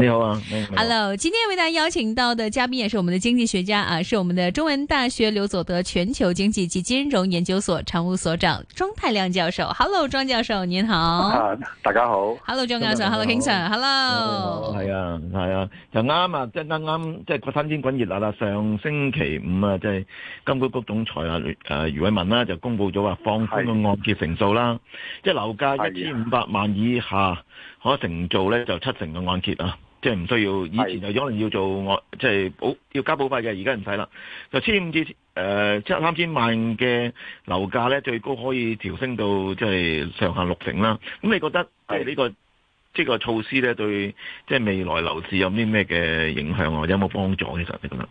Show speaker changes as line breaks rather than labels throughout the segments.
你好啊，你好 Hello，
今天為大家邀請到的嘉賓也是我們的經濟學家啊，是我們的中文大學劉佐德全球經濟及金融研究所常務所長莊太量教授。Hello，莊教授，你好。Uh,
大家好。
Hello，莊教授。Hello，King Sir hello。
Hello。係
啊，係中文、哎、啊，就啱啊，即係啱啱即係新鮮滾熱辣啦。上星期五啊，即、就、係、是、金管局總裁啊，誒、呃，余偉文啦、啊、就公布咗話放寬嘅按揭成數啦中文，即係樓價一千五百萬以下可承造咧就七成嘅按揭啊。即係唔需要，以前就可能要做我即係保要加保費嘅，而家唔使啦。就千五至誒即係三千萬嘅樓價咧，最高可以調升到即係上下六成啦。咁你覺得即呢個即個措施咧，對即係未來樓市有啲咩嘅影響啊？或者有冇幫助其實咁樣？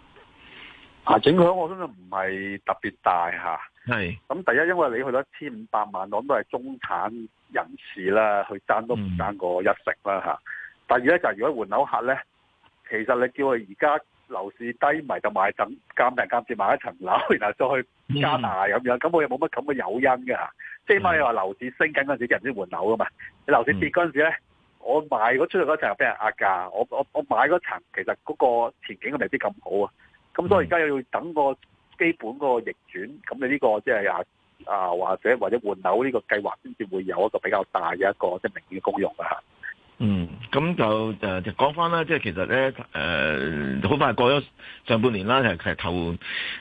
啊，影響我相信唔係特別大嚇。係。咁、啊、第一，因為你去到千五百萬，我諗都係中產人士啦，去爭都唔爭過一成啦嚇。嗯第二咧就係如果換樓客咧，其實你叫佢而家樓市低迷就買等，夾定，夾住買一層樓，然後再去加大咁、mm. 樣，咁我又冇乜咁嘅誘因㗎。即係咪又話樓市升緊嗰陣時人先換樓㗎嘛？你樓市跌嗰陣時咧，mm. 我賣嗰出嗰層俾人壓價，我我我買嗰層其實嗰個前景未必咁好啊。咁所以而家又要等個基本個逆轉，咁你呢、這個即係啊啊或者或者換樓呢個計劃先至會有一個比較大嘅一個即係、就是、明顯嘅功用啊。
嗯，咁就誒，就講翻啦，即係其實咧，誒、呃，好快過咗上半年啦，其實頭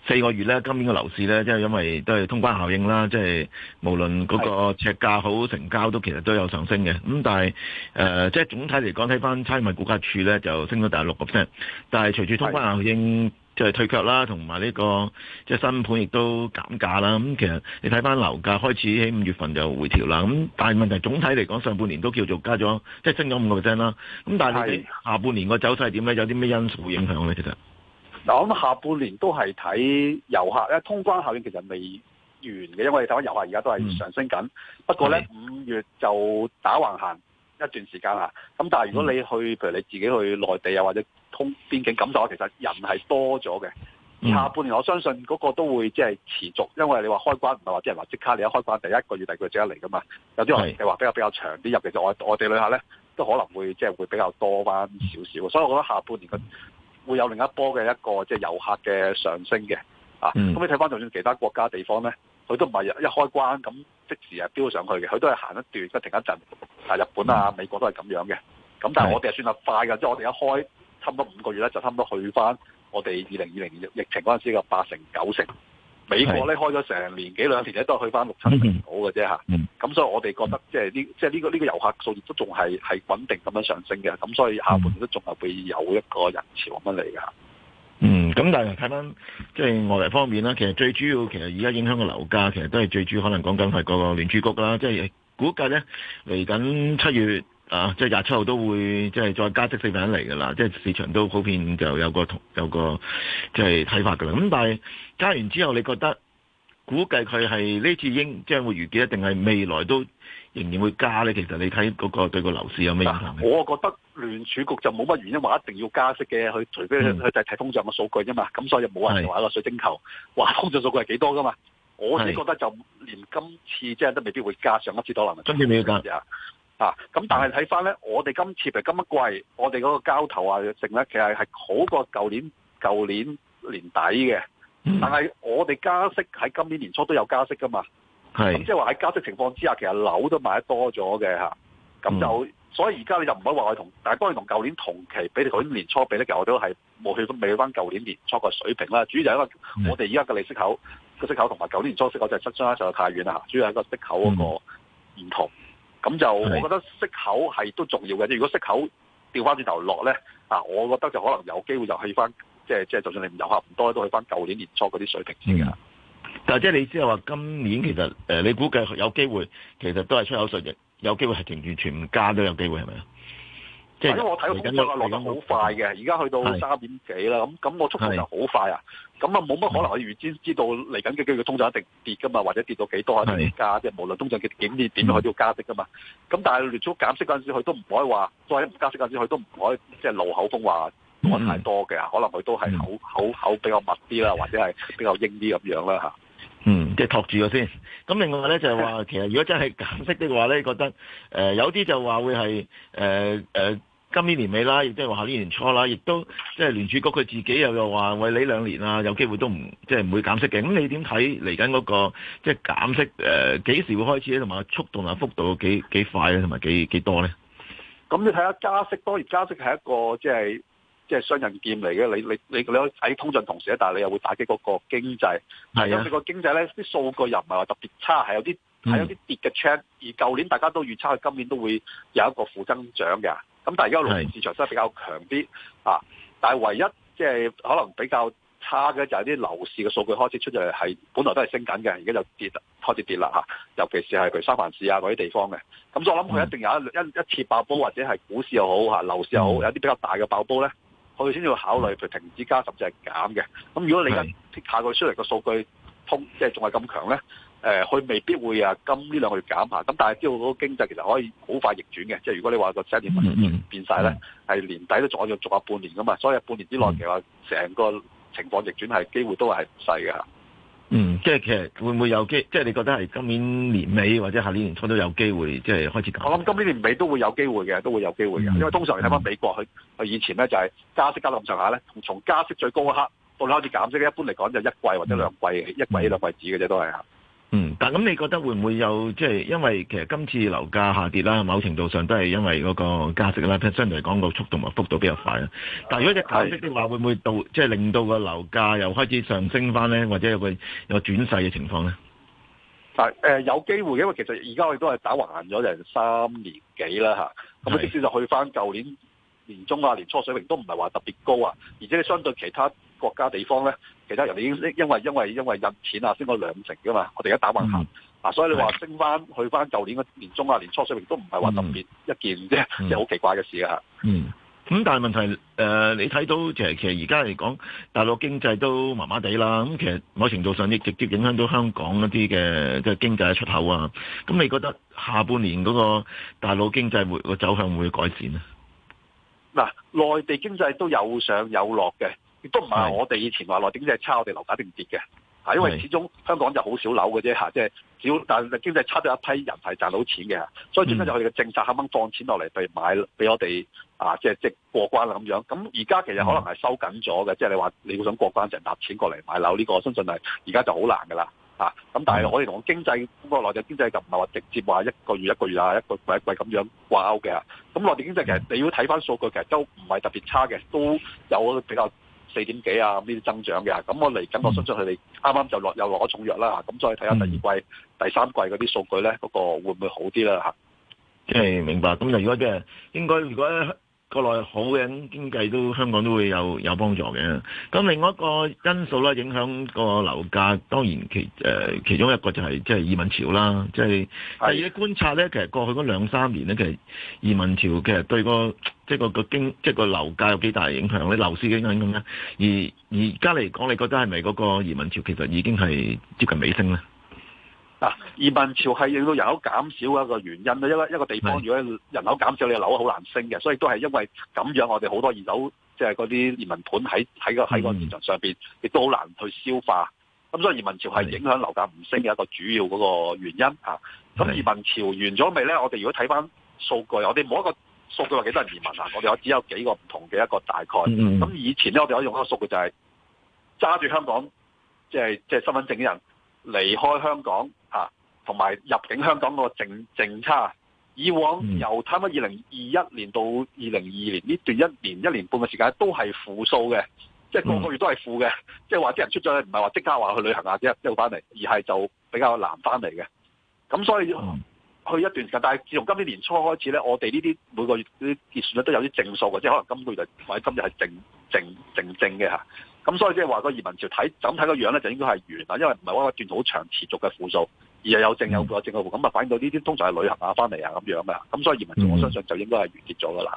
四個月咧，今年嘅樓市咧，即係因為都係通關效應啦，即係無論嗰個尺價好成交都其實都有上升嘅。咁但係誒，即、呃、係總體嚟講睇翻差餉物業估價署咧就升咗大六個 percent，但係隨住通關效應。就係、是、退卻啦，同埋呢個即係新盤亦都減價啦。咁其實你睇翻樓價開始喺五月份就回調啦。咁但係問題總體嚟講，上半年都叫做加咗，即係升咗五個 percent 啦。咁但係下半年個走勢點咧？有啲咩因素會影響咧？其實
嗱，我諗下半年都係睇遊客，因為通關效應其實未完嘅，因為我哋睇翻遊客而家都係上升緊。Mm. 不過咧，五、mm. 月就打橫行。一段時間啊，咁但係如果你去，譬如你自己去內地啊，或者通邊境咁左，其實人係多咗嘅。下半年我相信嗰個都會即係持續，因為你話開關唔係話即係話即刻，你一開關第一個月、第二個月即刻嚟噶嘛。
有啲話比
較比較長啲入嘅，就外外地旅客咧都可能會即係會比較多翻少少。所以我覺得下半年佢會有另一波嘅一個即係遊客嘅上升嘅啊。咁你睇翻就算其他國家地方咧。佢都唔係一開關咁即時啊飆上去嘅，佢都係行一段，即停一陣。啊，日本啊、美國都係咁樣嘅。咁但係我哋係算係快㗎，即我哋一開差唔多五個月咧，就差唔多去翻我哋二零二零疫情嗰陣時嘅八成九成。美國咧開咗成年幾兩年咧都係去翻六七成到嘅啫嚇。咁所以我哋覺得即係呢，即呢、呢個呢、呢個遊客數字都仲係穩定咁樣上升嘅。咁所以下半年都仲係會有一個人潮咁嚟嘅。嗯，咁但係睇翻即係外來
方面啦，其實最主要其實而家影響嘅樓價，其實都係最主要，可能講緊係個聯珠局啦，即、就、係、是、估計咧嚟緊七月啊，即係廿七號都會即係、就是、再加息四 p e 嚟噶啦，即係、就是、市場都普遍就有個同有個即係睇法噶啦。咁但係加完之後，你覺得估計佢係呢次應會、就是、會預一定係未來都？仍然會加咧，其實你睇嗰、嗰個對個樓市有咩影
響？我覺得聯儲局就冇乜原因話一定要加息嘅，佢除非佢就係睇通脹嘅數據啫嘛。咁所以冇人話個水晶球，哇，通脹數據係幾多噶嘛？我先覺得就連今次即係都未必會加，上一次多能。啊！咁但係睇翻咧，我哋今次係今一季，我哋嗰個交投啊性咧，其實係好過舊年舊年年底嘅。嗯、但係我哋加息喺今年年初都有加息噶嘛。咁、嗯、即係話喺加息情況之下，其實樓都賣得多咗嘅吓，咁就、嗯、所以而家你就唔可以話我同，但係當然同舊年同期比，比，舊年年初比咧，我都係冇去翻，未去翻舊年年初嘅水平啦。主要係因為我哋而家嘅利息口，個息口同埋舊年年初息口就係相差實在太遠啦。主要係個息口個唔同，咁、嗯、就我覺得息口係都重要嘅。如果息口調翻轉頭落咧，啊，我覺得就可能有機會就去翻，即係即係，就算你唔遊客唔多都去翻舊年年初嗰啲水平先嘅。嗯
但係即係你先係話今年其實誒、呃，你估計有機會其實都係出口術嘅，有機會係停住全唔加都有機會係咪啊？
即係。因為我睇到通脹落得好快嘅，而家去到三點幾啦，咁咁我速度就好快啊，咁啊冇乜可能我預先知道嚟緊嘅經濟通脹一定跌㗎嘛，或者跌到幾多都要加，即係無論通脹嘅景點點去都要加息㗎嘛。咁但係連續減息嗰陣時，佢都唔可以話再一唔加息嗰陣時，佢都唔可以即係露口風話講太多嘅，可能佢都係口口口比較密啲啦，或者係比較鷹啲咁樣啦嚇。
嗯，即係托住咗先。咁
另外咧就係話，其實如果真係減息
的話咧，你覺得誒有啲就話會係誒誒今年年尾啦，亦即係話下年年初啦，亦都即係聯儲局佢自己又又話喂，你兩年啦有機會都唔即係唔會減息嘅。咁你點睇嚟緊嗰個即係減息誒幾時會開始呢？同埋速度啊，幅度幾幾快咧？同埋幾幾多咧？
咁你睇下加息多，而加息係一個即係。就是即係雙刃劍嚟嘅，你你你你可以喺通脹同時咧，但係你又會打擊嗰個經濟。
係，因為個
經濟咧啲數據又唔係話特別差，係有啲係、嗯、有啲跌嘅 check。而舊年大家都預測佢今年都會有一個負增長嘅。咁但係而家農業市場真係比較強啲啊！但係唯一即係可能比較差嘅就係啲樓市嘅數據開始出咗嚟，係本來都係升緊嘅，而家就跌開始跌啦嚇、啊。尤其是係譬如三藩市啊嗰啲地方嘅。咁所以我諗佢一定有一、嗯、一次爆煲，或者係股市又好嚇、啊、樓市又好，有啲比較大嘅爆煲咧。佢先至會考慮，譬如停止加甚至係減嘅。咁如果你而家下佢出嚟個數據通，即係仲係咁強呢，佢、呃、未必會呀，今呢兩個月減下。咁但係之後個經濟其實可以好快逆轉嘅，即係如果你話個經濟完全變曬咧，係、嗯嗯、年底都仲要續下半年噶嘛。所以半年之內其實成個情況逆轉係機會都係唔細㗎。嗯，
即係其實會唔會有機？即係你覺得係今年年尾或者下年年初都有機會，即係開始減？
我諗今年年尾都會有機會嘅，都會有機會嘅。因為通常你睇翻美國，佢、嗯、佢以前咧就係加息加到咁上下咧，從加息最高一刻到開始減息，一般嚟講就一季或者兩季，嗯、一季兩季止嘅啫，都係啊
嗯，但咁，你覺得會唔會有即係因為其實今次樓價下跌啦，某程度上都係因為嗰個加息啦，相對嚟講個速度同幅度比較快啦。但如果你減息的話，會唔會到即係令到個樓價又開始上升翻咧，或者有個有轉勢嘅情況咧？
呃，有機會，因為其實而家我哋都係打橫行咗就三、是、年幾啦嚇，咁即使就去翻舊年。年中啊，年初水平都唔係話特別高啊，而且你相對其他國家地方咧，其他人哋已經因為因為因為，因為印錢啊，升咗兩成噶嘛，我哋而家打橫行、嗯、啊，所以你話升翻去翻舊年嘅年中啊，年初水平都唔係話特別一件啫、啊，又、嗯、好奇怪嘅事啊。嗯。
咁、嗯嗯、但係問題誒、呃，你睇到其實其實而家嚟講，大陸經濟都麻麻地啦。咁其實某程度上亦直接影響到香港一啲嘅嘅經濟嘅出口啊。咁你覺得下半年嗰個大陸經濟會個走向會，會改善咧？
嗱，內地經濟都有上有落嘅，亦都唔係我哋以前話內地經濟差，我哋樓價定跌嘅嚇，因為始終香港就好少樓嘅啫嚇，即係少，但係經濟差咗一批人係賺到錢嘅，所以點解就我哋嘅政策肯啱放錢落嚟買俾我哋啊，即係即過關啦咁樣。咁而家其實可能係收緊咗嘅，即係你話你要想過關成搭錢過嚟買樓呢個，相信係而家就好難噶啦。啊、嗯！咁但係我哋同經濟嗰個內地經濟就唔係話直接話一個月一個月啊，一個季一季咁樣掛鈎嘅。咁內地經濟其實你要睇翻數據，其實都唔係特別差嘅，都有比較四點幾啊呢啲增長嘅。咁我嚟緊我相信佢哋啱啱就落又落咗、嗯、重藥啦。咁再睇下第二季、嗯、第三季嗰啲數據咧，嗰個會唔會好啲啦嚇，
即係明白。咁如果即、就、係、是、
應該如果。國內好嘅
經濟都香港都會有有幫助嘅。咁另外一個因素咧，影響個樓價當然其誒、呃、其中一個就係即係移民潮啦。即係第二觀察呢，其實過去嗰兩三年呢，其實移民潮其實對、個即係、個個、個經即係、即係、個樓價有幾大影響，你樓市嘅影響咧。而而家嚟講，你覺得係咪嗰個移民潮其實已經係接近尾聲呢？
嗱、啊，移民潮係令到人口減少嘅一個原因啦，一個一個地方如果人口減少，的你嘅樓好難升嘅，所以都係因為咁樣，我哋好多二手即係嗰啲移民盤喺喺個喺個市場上邊，亦都好難去消化。咁所以移民潮係影響樓價唔升嘅一個主要嗰個原因啊。咁移民潮完咗未咧？我哋如果睇翻數據，我哋冇一個數據話幾多人移民啊。我哋我只有幾個唔同嘅一個大概。咁以前咧，我哋可以用一個數據就係、是、揸住香港，即係即係身份證嘅人離開香港。同埋入境香港個淨淨差，以往由差唔多二零二一年到二零二二年呢、mm. 段一年一年半嘅時間都係負數嘅，即係個個月都係負嘅，mm. 即係話啲人出咗去唔係話即刻話去旅行啊，即係即翻嚟，而係就比較難翻嚟嘅。咁所以、mm. 去一段時間，但係自從今年年初開始咧，我哋呢啲每個月啲結算咧都有啲正數嘅，即係可能今個月或者今日係正正，正正正正嘅咁所以即係話、個移民潮睇咁睇個樣咧，就，就應該係完啦，因為唔係話一段好長持續嘅負數。而又有正有負，有負咁啊，反映到呢啲通常係旅行啊、翻嚟啊咁樣嘅。咁所以移民署、嗯，我相信就應該係完結咗㗎啦。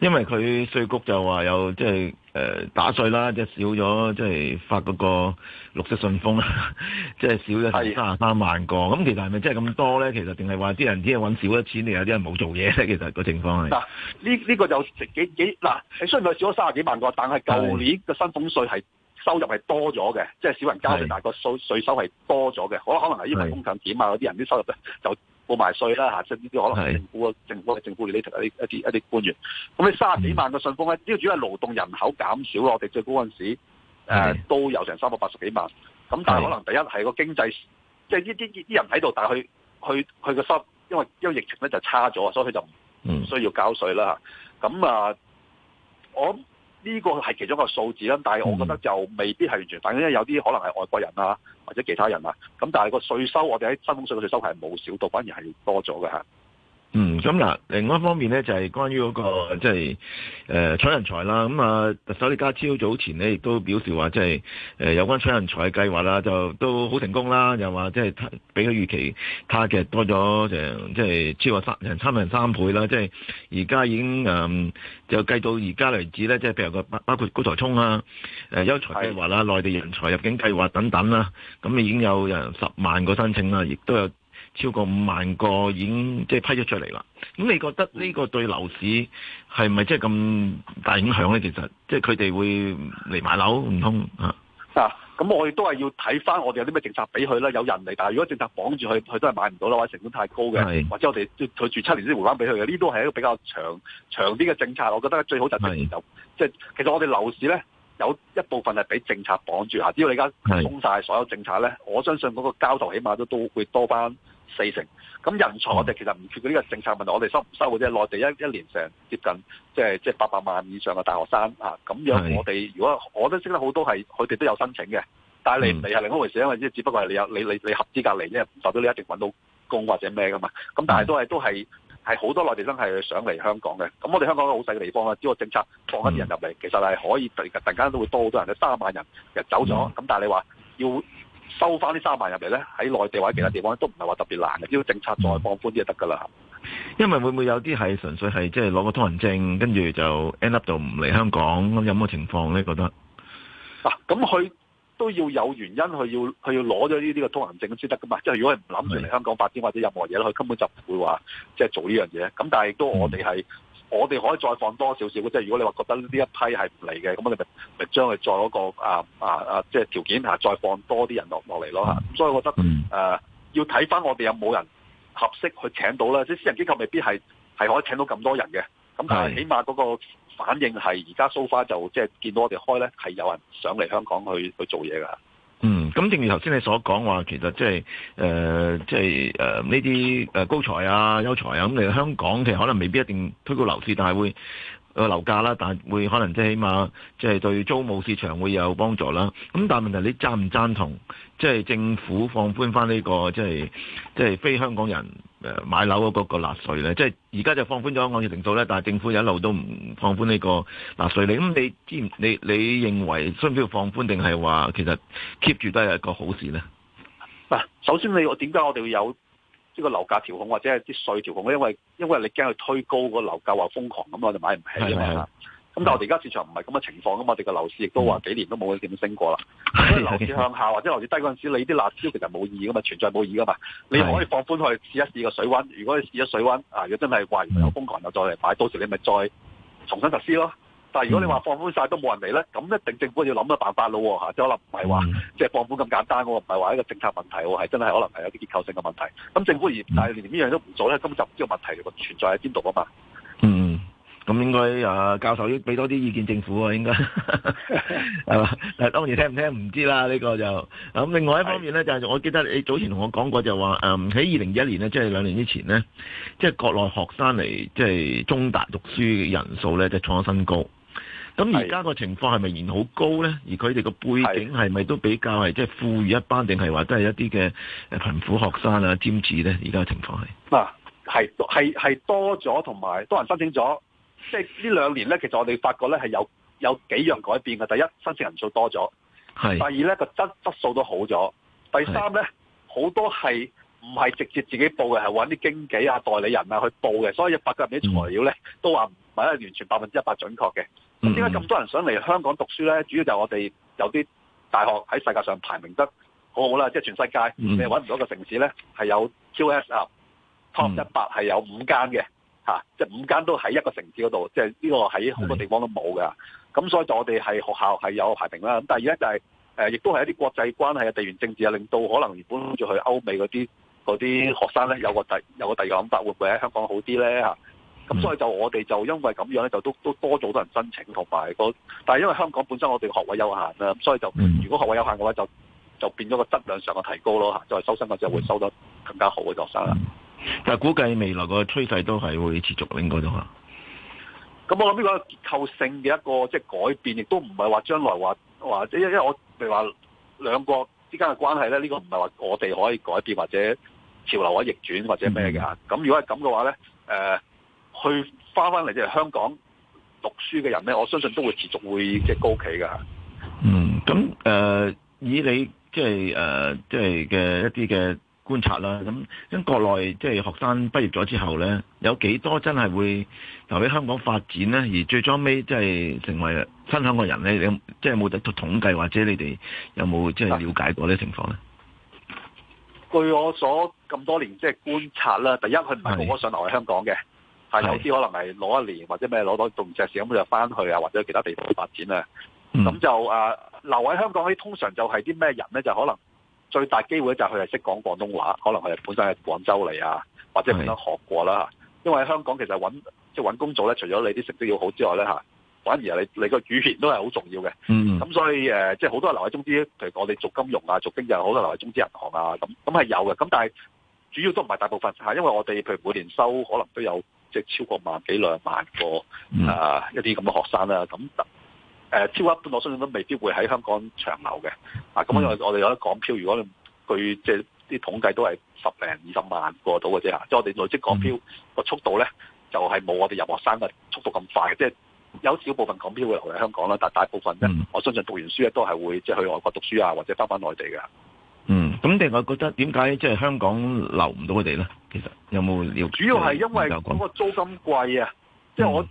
因為佢稅局就話有即係誒打稅啦，即、就、係、是、少咗，即係發嗰個綠色信封，即 係少咗三十三萬個。咁其實係咪真係咁多咧？其實定係話啲人只係揾少咗錢，定有啲人冇做嘢咧？其實個情況係嗱，
呢呢、這個就幾幾嗱，雖然佢少咗三十幾萬個，但係舊年嘅薪俸稅係。是收入係多咗嘅，即係少人交稅，但係個稅收係多咗嘅。可能是是了了是，可能係因為工場少啊，嗰啲人啲收入咧就冇埋稅啦嚇。即係呢啲可能政府啊，政府嘅政府裏頭一啲一啲一啲官員。咁你三十幾萬個信封咧，嗯這個、主要係勞動人口減少，我哋最高嗰陣時候、呃、都有成三百八十幾萬。咁但係可能第一係個經濟，即係呢啲啲人喺度，但係佢佢佢個收入，因為因為疫情咧就差咗，所以佢就唔、嗯、需要交稅啦。咁啊、呃，我。呢、這個係其中一個數字啦，但係我覺得就未必係完全反映，因為有啲可能係外國人啊，或者其他人啊，咁但係個稅收我哋喺薪俸稅嗰度稅收係冇少到，反而係多咗嘅嚇。
嗯，咁嗱，另外一方面咧，就係、是、關於嗰、那個即係誒採人才啦。咁、嗯、啊，特首李家超早前咧，亦都表示話，即、就、係、是呃、有關採人才計計劃啦，就都好成功啦。又話即係比佢預期他嘅多咗成，即、就、係、是就是、超過三人三倍啦。即係而家已經誒、嗯，就計到而家為止咧，即係譬如個包括高才通啊、誒、呃、優才計劃啦、內地人才入境計劃等等啦，咁已經有十萬個申請啦，亦都有。超過五萬個已經即係批咗出嚟啦。咁、嗯、你覺得呢個對樓市係咪即係咁大影響咧？其實即係佢哋會嚟買樓唔通啊？
咁我亦都係要睇翻我哋有啲咩政策俾佢啦。有人嚟，但係如果政策綁住佢，佢都係買唔到啦，或者成本太高嘅，或者我哋佢住七年先回翻俾佢嘅，呢啲都係一個比較長長啲嘅政策。我覺得最好就係就即、是、係其實我哋樓市咧有一部分係俾政策綁住。只要你而家鬆晒所有政策咧，我相信嗰個交投起碼都都會多翻。四成，咁人才我哋其實唔缺呢個政策問題，我哋收唔收即啫。內地一一年成接近、就是，即係即係八百萬以上嘅大學生啊，咁樣我哋如果我都識得好多係，佢哋都有申請嘅。但係你唔嚟係另外一回事，因為即只不過係你有你你你合資格嚟，即係唔代表你一定搵到工或者咩㗎嘛。咁但係都係、嗯、都係係好多內地生係想嚟香港嘅。咁我哋香港好細嘅地方啦，只要政策放一啲人入嚟、嗯，其實係可以突然間都會多好多人，三萬人走咗，咁、嗯、但係你話要。收翻啲三萬入嚟咧，喺內地或者其他地方都唔係話特別難嘅，只要政策再放寬啲就得噶啦。
因為會唔會有啲係純粹係即係攞個通行證，跟住就 end up 到唔嚟香港咁有冇情況咧？覺得
嗱，咁佢都要有原因，佢要佢要攞咗呢啲個通行證先得噶嘛。即係如果佢唔諗住嚟香港發展或者任何嘢，佢根本就唔會話即係做呢樣嘢。咁但係都我哋係。嗯我哋可以再放多少少，即係如果你話覺得呢一批係唔嚟嘅，咁你咪咪將佢再嗰個啊啊啊，即係條件下，再放多啲人落落嚟咯，咁所以我覺得、啊、要睇翻我哋有冇人合適去請到啦。即係私人機構未必係可以請到咁多人嘅。咁但係起碼嗰個反應係而家 so far 就即係見到我哋開咧，係有人上嚟香港去去做嘢㗎。
咁正如頭先你所講話，其實即係誒，即係誒呢啲誒，高才啊、優才啊，咁你香港其實可能未必一定推高樓市，但係會誒樓價啦，但係會可能即係起碼即係對租務市場會有幫助啦。咁但係問題，你贊唔贊同？即係政府放寬翻呢個、就是，即係即係非香港人。誒買樓嗰個辣稅咧，即係而家就放寬咗按揭成數咧，但係政府一路都唔放寬呢個辣稅，你咁你之你你認為需唔需要放寬，定係話其實 keep 住都係一個好事咧？
嗱、啊，首先你為什麼我點解我哋會有呢個樓價調控或者係啲稅調控？因為因為你驚佢推高個樓價話瘋狂咁，噉我就買唔起啊嘛。咁但係我哋而家市場唔係咁嘅情況啊嘛，我哋嘅樓市亦都話幾年都冇點升過啦。
所、嗯、以樓市向下
或者樓市低嗰陣時，你啲辣椒其實冇意義噶嘛，存在冇意義噶嘛。你可以放寬去試一試個水溫。如果你試咗水溫，啊，如果真係話有瘋狂又再嚟買、嗯，到時你咪再重新實施咯。但係如果你話放寬晒都冇人嚟咧，咁一定政府要諗個辦法咯嚇。即可能唔係話即係放寬咁簡單喎，唔係話一個政策問題喎，係真係可能係有啲結構性嘅問題。咁政府而唔係、嗯、連呢樣都唔做咧，根本就唔知個問題存在喺邊度啊嘛。
咁應該誒教授要俾多啲意見政府喎、啊，應該係但 當然聽唔聽唔知啦，呢、這個就咁。另外一方面咧，就係、是、我記得你早前同我講過就、嗯，就話誒喺二零二一年咧，即係兩年之前咧，即、就、係、是、國內學生嚟即係中大讀書嘅人數咧，就是、創新高。咁而家個情況係咪仍然好高咧？而佢哋個背景係咪都比較係即係富裕一班，定係話都係一啲嘅誒貧苦學生啊？尖子咧，而家嘅情況係啊，係
係係多咗，同埋多人申請咗。即係呢兩年咧，其實我哋發覺咧係有有幾樣改變嘅。第一，申請人數多咗，第二咧，個質質素都好咗。第三咧，好多係唔係直接自己報嘅，係搵啲經紀啊、代理人啊去報嘅。所以發覺啲材料咧、嗯、都話唔係完全百分之一百準確嘅。咁點解咁多人想嚟香港讀書咧？主要就係我哋有啲大學喺世界上排名得好好啦，即係全世界、嗯、你搵唔到個城市咧係有 QS 啊、嗯、Top 一百係有五間嘅。嚇，即係五間都喺一個城市嗰度，即係呢個喺好多地方都冇㗎。咁所以就我哋係學校係有排名啦。咁第二咧就係、是、亦、呃、都係一啲國際關係嘅地緣政治啊，令到可能原本住去歐美嗰啲嗰啲學生咧，有個第有個第二個諗法，會唔會喺香港好啲咧嚇？咁所以就我哋就因為咁樣咧，就都都多咗好多人申請同埋、嗰個，但係因為香港本身我哋學位有限啦，咁所以就如果學位有限嘅話就，就就變咗個質量上嘅提高咯就係、是、收生嘅時候會收得更加好嘅學生啦。但估計未
來個趨勢都係會持續喺嗰度啊！
咁我諗呢個結構性嘅一個即係改變，亦都唔係話將來話因為因我譬如話兩個之間嘅關係咧，呢個唔係話我哋可以改變，或者潮流可以逆轉或者咩嘅。咁如果係咁嘅話咧、呃，去返返嚟即係香港讀書嘅人咧，我相信都會持續會即係高企嘅。嗯，
咁、呃、以你即係誒即係嘅一啲嘅觀察啦，咁因國內即係學生畢業咗之後咧，有幾多真係會留喺香港發展咧？而最終尾即係成為新香港人咧，你即係冇得統計，或者你哋有冇即係了解過呢情況
咧？據我所咁多年即係、就是、觀察啦，第一佢唔係個個都想留喺香港嘅，係有啲可能係攞一年或者咩攞到動輒事咁就翻去啊，或者，去或者去其他地方發展、嗯、就啊。咁就誒留喺香港啲，通常就係啲咩人咧？就可能。最大機會就係佢係識講廣東話，可能佢哋本身係廣州嚟啊，或者佢都學過啦。因為喺香港其實揾即係揾工作咧，除咗你啲成績要好之外咧嚇，反而係你你個語言都係好重要嘅。咁、嗯、所以誒、呃，即係好多留喺中資，譬如我哋做金融啊、做經濟好多留喺中資銀行啊，咁咁係有嘅。咁但係主要都唔係大部分嚇，因為我哋譬如每年收可能都有即係超過萬幾兩萬個啊、呃嗯、一啲咁嘅學生啊咁。誒超一半，我相信都未必會喺香港長留嘅。啊，咁因為我哋有啲港漂，如果佢即係啲統計都係十零二十萬個到嘅啫。即我哋累積港漂個速度咧、嗯，就係、是、冇我哋入學生嘅速度咁快。即、就、係、是、有少部分港漂會留喺香港啦，但大部分咧、嗯，我相信讀完書咧都係會即係、就是、去外國讀書啊，或者翻返內地嘅。嗯，
咁定我覺得點解即係香港留唔到佢哋咧？其實有冇了解？主要係因為嗰
個租金貴啊，即、嗯、係、就是、我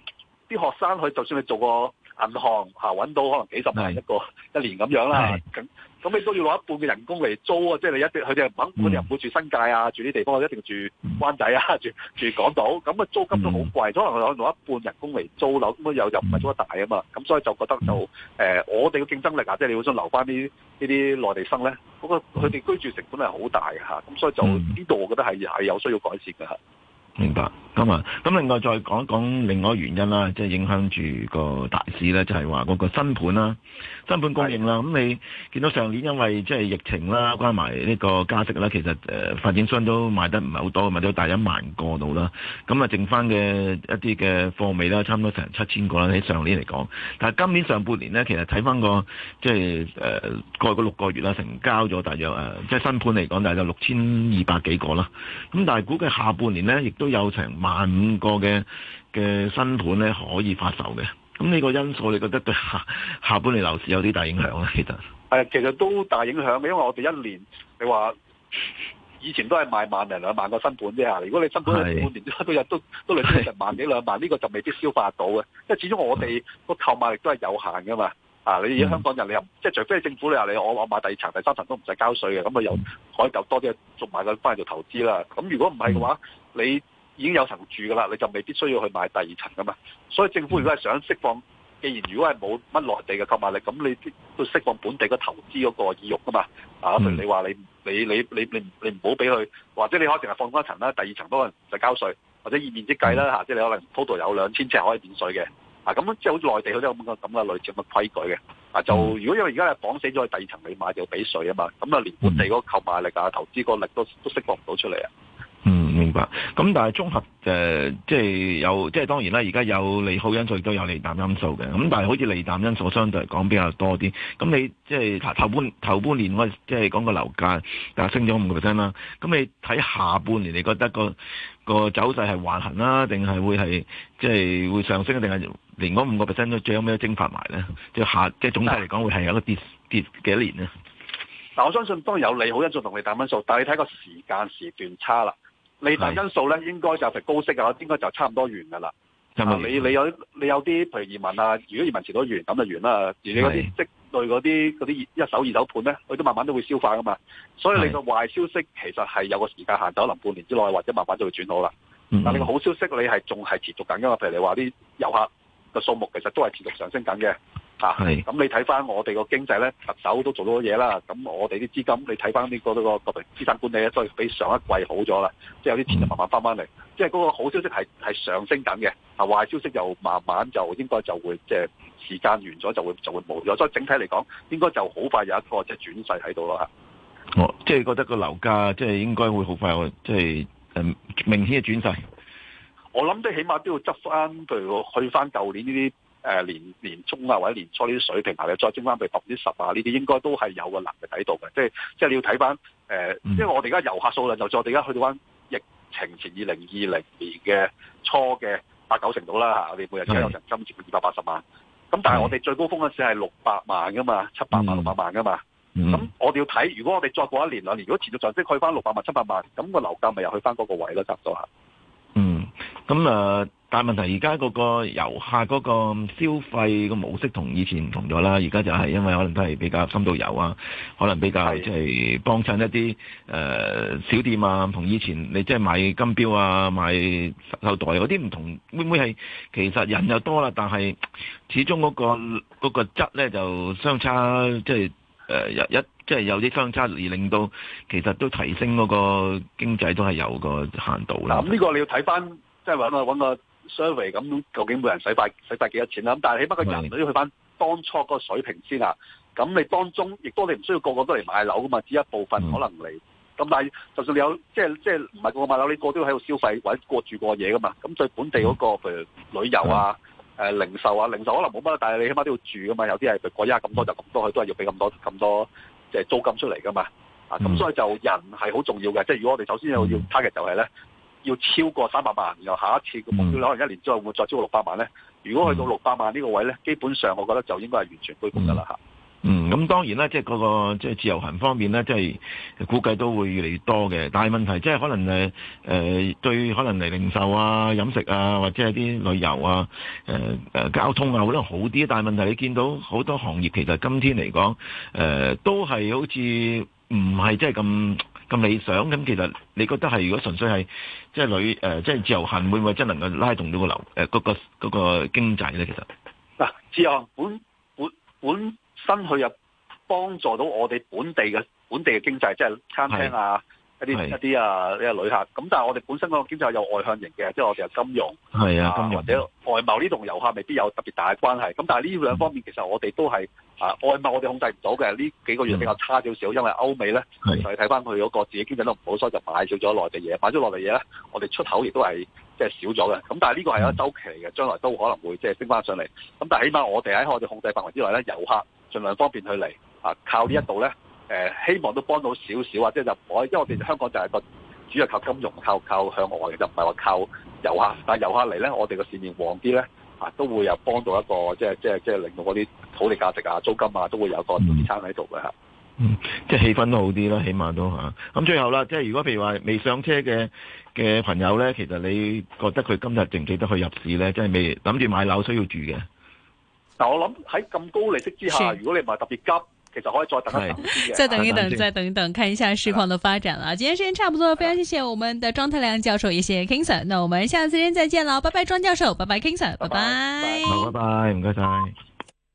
啲學生佢就算你做個。銀行吓揾、啊、到可能幾十萬一個，mm -hmm. 一，個一年咁樣啦，咁、mm、咁 -hmm. 你都要攞一半嘅人工嚟租啊，即、就、係、是、你一定佢哋又唔肯搬、mm -hmm. 住新界啊，住啲地方一定住灣仔啊，住住港島，咁啊租金都好貴，mm -hmm. 可能攞一半人工嚟租樓，咁又又唔係租得大啊嘛，咁、mm -hmm. 所以就覺得就誒、呃、我哋嘅競爭力啊，即、就、係、是、你好想留翻啲呢啲內地生咧，嗰、那個佢哋居住成本係好大吓，咁所以就呢度、mm -hmm. 我覺得係係有需要改善㗎。吓。明
白。咁啊，咁另外再講一講另外一個原因啦，即係影響住個大市咧，就係話嗰個新盤啦、新盤供應啦。咁你見到上年因為即係疫情啦、關埋呢個加息啦，其實誒發展商都賣得唔係好多，賣咗大一萬個度啦。咁啊，剩翻嘅一啲嘅貨尾啦，差唔多成七千個啦，喺上年嚟講。但係今年上半年咧，其實睇翻個即係誒過去嗰六個月啦，成交咗大約誒，即係新盤嚟講，大約六千二百幾個啦。咁但係估計下半年咧，亦都有成萬五個嘅嘅新盤咧可以發售嘅，咁呢個因素你覺得對下下半年樓市有啲大影響咧？其實
誒，其實都大影響，因為我哋一年你話以前都係賣萬零兩萬個新盤啫吓，如果你新盤半年,是年都日都都嚟得成萬幾兩萬，呢、這個就未必消化到嘅，因為始終我哋個購買力都係有限噶嘛。啊、嗯，你而家香港人你又即係除非係政府你話你我我買第二層第三層都唔使交稅嘅，咁啊又可以夠多啲做埋個翻嚟做投資啦。咁如果唔係嘅話，你已經有層住㗎啦，你就未必需要去買第二層㗎嘛。所以政府如果係想釋放，既然如果係冇乜內地嘅購買力，咁你都釋放本地嘅投資嗰個意欲㗎嘛。啊，譬、嗯、如你話你你你你你你唔好俾佢，或者你可以淨係放返一層啦，第二層可能就交稅，或者以面積計啦嚇，即係你可能 total 有兩千尺可以免稅嘅。啊，咁即係好似內地好似咁咁嘅類似咁嘅規矩嘅。啊，就如果因為而家係綁死咗，第二層你買就俾稅啊嘛。咁啊，連本地嗰個購買力、嗯、啊、投資個力都都釋放唔到出嚟啊。
咁、嗯、但係綜合即係、就是、有即係、就是、當然啦。而家有利好因素，亦都有利淡因素嘅。咁但係好似利淡因素相對嚟講比較多啲。咁你即係、就是、頭半頭半年，我即係講個樓價，但係升咗五個 percent 啦。咁你睇下半年，你覺得個個走勢係橫行啦，定係會係即係會上升，定係連嗰五個 percent 都最後尾都蒸發埋咧？即、就、係、是、下即係、就是、總體嚟講，會係有個跌跌幾年咧？
嗱，我相信當然有利好因素同利淡因素，但係你睇個時間時段差啦。利淡因素咧，應該就係高息啊，應該就差唔多完噶啦、
啊。你你
有你有啲譬如移民啊，如果移民遲到完，咁就完啦。而你嗰啲積累嗰啲嗰啲一手二手盤咧，佢都慢慢都會消化噶嘛。所以你個壞消息其實係有個時間限，就可能半年之內或者慢慢就會轉好啦。但你個好消息，你係仲係持續緊噶嘛？譬如你話啲遊客嘅數目其實都係持續上升緊嘅。咁、啊、你睇返我哋個經濟呢，特首都做到嘢啦。咁我哋啲資金，你睇返呢個呢、嗰個國民資產管理咧，都係比上一季好咗啦。即係有啲錢就慢慢返返嚟，即係嗰個好消息係上升緊嘅。啊，壞消息又慢慢就應該就會即係時間完咗就會就會冇咗。所以整體嚟講，應該就好快有一個即係轉勢喺度咯。
我即係覺得個樓價即係、即係、應該會好快即係、即係呃、明顯嘅轉勢。
我諗都起碼都要執翻，譬如去翻舊年呢啲。誒年年中啊，或者年初呢啲水平下，你再增翻倍百分之十啊，呢啲應該都係有個能力喺度嘅，即係即係你要睇翻誒，因為我哋而家遊客數量就再我哋而家去到翻疫情前二零二零年嘅初嘅八九成度啦嚇，我哋每日都有成金錢二百八十萬，咁但係我哋最高峰嗰時係六百萬噶嘛，七百萬六百、嗯、萬噶嘛，咁、嗯、我哋要睇，如果我哋再過一年兩年，如果持續上昇，去翻六百萬七百萬，咁個樓價咪又去翻嗰個位咯，差唔多。嚇。嗯，
咁但係問題，而家嗰個遊客嗰個消費個模式同以前唔同咗啦。而家就係因為可能都係比較深度遊啊，可能比較即係幫襯一啲誒、呃、小店啊。同以前你即係買金錶啊、買手袋嗰啲唔同，會唔會係其實人又多啦？但係始終嗰、那個嗰、嗰個、質咧就相差，即係誒一即係、即係、有啲相差，而令到其實都提升嗰個經濟都係有個限度啦。咁、呢、呢個
你要睇翻，即係揾個揾個。Survey 咁究竟每人使費使費幾多錢啦？但係起碼個人都要去返當初嗰個水平先啊。咁你當中亦都你唔需要個個都嚟買樓噶嘛，只一部分可能嚟。咁、嗯、但係就算你有即係即係唔係個個買樓，你個都喺度消費或者過住過嘢噶嘛。咁對本地嗰、那個譬如旅遊啊、誒、呃、零售啊、零售可能冇乜，但係你起碼都要住噶嘛。有啲係過一間咁多就咁多，佢都係要俾咁多咁多即係租金出嚟噶嘛。啊、嗯，咁所以就人係好重要嘅。即係如果我哋首先又要 target，就係咧。要超過三百萬，然後下一次嘅目標、嗯、可能一年之後會再超過六百萬咧。如果去到六百萬呢個位咧、嗯，基本上我覺得就應該係完全恢復噶啦，嗯，
咁當然啦，即係嗰個即係自由行方面咧，即、就、係、是、估計都會越嚟越多嘅。但係問題即係可能誒誒、呃、可能嚟零售啊、飲食啊或者係啲旅遊啊、呃、交通啊嗰啲好啲。但係問題你見到好多行業其實今天嚟講誒、呃、都係好似唔係即係咁。咁理想咁，其實你覺得係如果純粹係即係旅誒，即、就、係、是呃就是、自由行，會唔會真能夠拉動到個樓誒嗰、呃那個嗰、那個經濟咧？其實
自由行本本本身去又幫助到我哋本地嘅本地嘅經濟，即係餐廳啊。一啲一啲啊，呢個旅客咁，但係我哋本身個經濟係有外向型嘅，即係我哋有金融，
係啊，或者
外貿呢，同遊客未必有特別大嘅關係。咁、啊、但係呢兩方面，其實我哋都係啊外貿我哋控制唔到嘅。呢幾個月比較差少少，啊，因為歐美咧，就係睇翻佢嗰個自己經濟都唔好，所以就買少咗內地嘢。買咗內地嘢咧，我哋出口亦都係即係少咗嘅。咁但係呢個係一個周期嚟嘅，將來都可能會即係升翻上嚟。咁但係起碼我哋喺我哋控制範圍之內咧，遊客儘量方便去嚟啊，靠呢一度咧。誒希望都幫到少少啊！即係就我，因為我哋香港就係個主要靠金融，靠靠向外嘅，就唔係話靠遊客。但係遊客嚟咧，我哋個市面旺啲咧，啊都會有幫到一個，即係即係即係令到嗰啲土地價值啊、租金啊，都會有個支撐喺度嘅嚇。嗯，
即係氣氛都好啲
啦，起碼都嚇。咁、
啊嗯、最後啦，即係如果譬如話未上車嘅嘅朋友咧，其實你覺得佢今日淨記得去入市咧？即係未諗住買樓需要住嘅。
但我諗喺咁高利息之下，如果你唔係特別急。 其實可以再等，等等 再等一等，再等一等，再
等一等，看一下市況的發展啦。今天時間差不多，非常謝謝我們的莊太量教授，也謝，謝 King Sir。那我們下次先再見啦，拜拜，莊教授，拜拜 King Sir，拜拜。
拜拜拜，拜，唔該晒。拜拜，謝謝。